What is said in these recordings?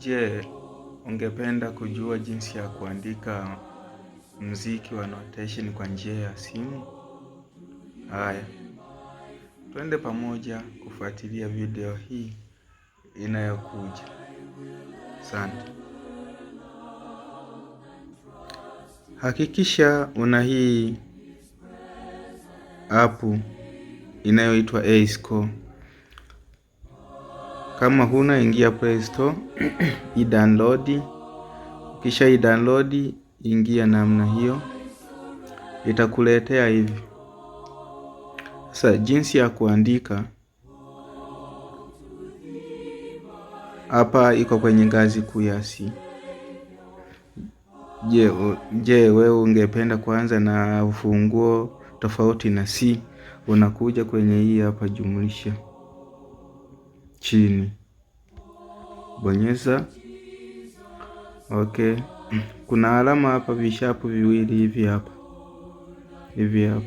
Je, ungependa kujua jinsi ya kuandika mziki wa notation kwa njia ya simu? Haya, twende pamoja kufuatilia video hii inayokuja. Asante. Hakikisha una hii apu inayoitwa Ascore. Kama huna ingia Play Store kisha i download ingia namna hiyo, itakuletea hivi sasa jinsi ya kuandika. Hapa iko kwenye ngazi kuu ya C. Je, je, wewe ungependa kuanza na ufunguo tofauti na C? Unakuja kwenye hii hapa jumlisha chini, bonyeza okay. Kuna alama hapa vishapu viwili hivi hapa hivi hapa,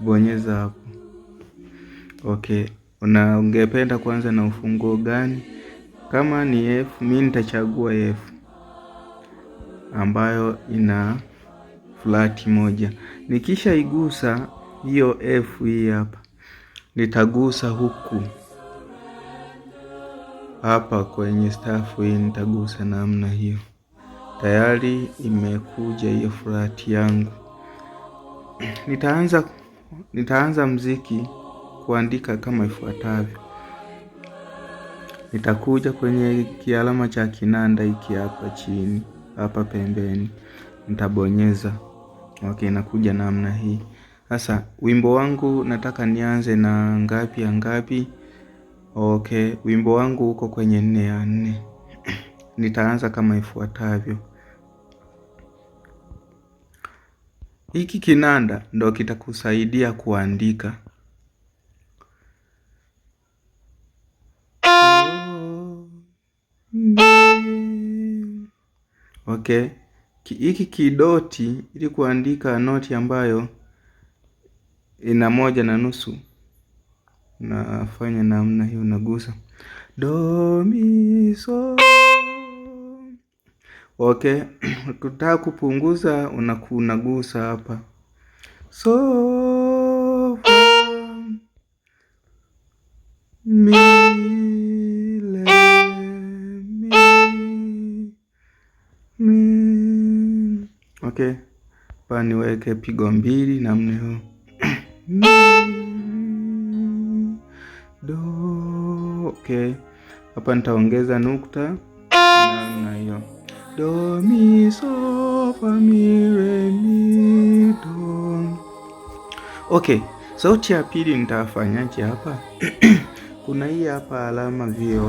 bonyeza hapo okay. Una ungependa kwanza na ufunguo gani? Kama ni F, mi nitachagua F ambayo ina flati moja. Nikishaigusa hiyo F hii hapa, nitagusa huku hapa kwenye stafu hii nitagusa namna hiyo. Tayari imekuja hiyo furati yangu. Nitaanza, nitaanza mziki kuandika kama ifuatavyo. Nitakuja kwenye kialama cha kinanda hiki hapa chini, hapa pembeni nitabonyeza. Okay, inakuja namna hii. Sasa wimbo wangu nataka nianze na ngapi ya ngapi? Okay, wimbo wangu uko kwenye nne ya nne. Nitaanza kama ifuatavyo. Hiki kinanda ndo kitakusaidia kuandika. Okay, hiki kidoti ili kuandika noti ambayo ina moja na nusu unafanya namna hiyo, unagusa do mi so. Okay, ukitaka kupunguza unakunagusa hapa so fa mi Okay, pa pigo mbili namna hiyo do. Okay, hapa nitaongeza nukta namna hiyo, do mi so fa mi re mi do. Okay, sauti ya pili nitafanyaje hapa? Kuna hii hapa alama v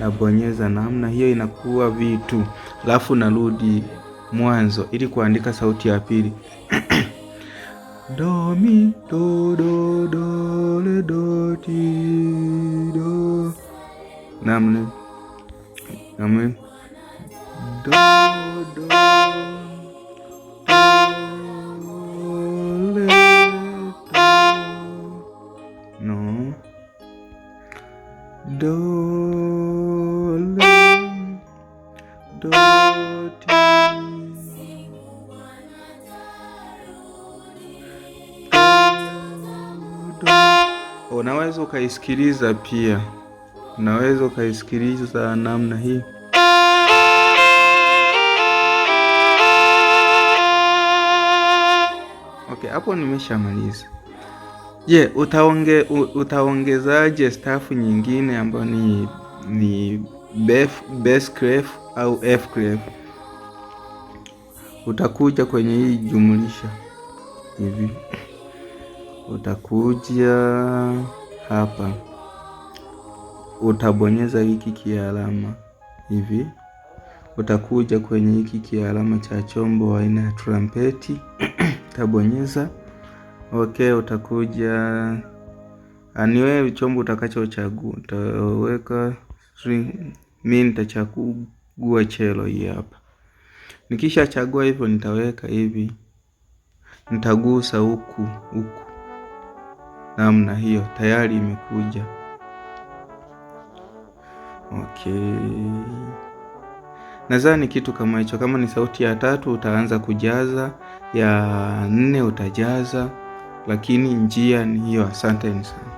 nabonyeza namna hiyo, inakuwa V2, alafu narudi mwanzo ili kuandika sauti ya pili do mi do do do le do ti do nam le nam le do do do le do no do Unaweza ukaisikiliza pia, unaweza ukaisikiliza namna hii. Okay, hapo nimeshamaliza. Je, yeah, utaonge, utaongezaje stafu nyingine ambayo ni ni Bef, bass clef au F clef. Utakuja kwenye hii jumlisha hivi utakuja hapa, utabonyeza hiki kialama hivi, utakuja kwenye hiki kialama cha chombo aina ya trumpeti utabonyeza okay, utakuja aniwe chombo utakachochagua, utaweka mimi nitachagua chelo hii hapa. Nikishachagua hivyo, nitaweka hivi, nitagusa huku huku namna hiyo tayari imekuja. Okay, nadhani kitu kama hicho. Kama ni sauti ya tatu utaanza kujaza, ya nne utajaza, lakini njia ni hiyo. Asanteni sana.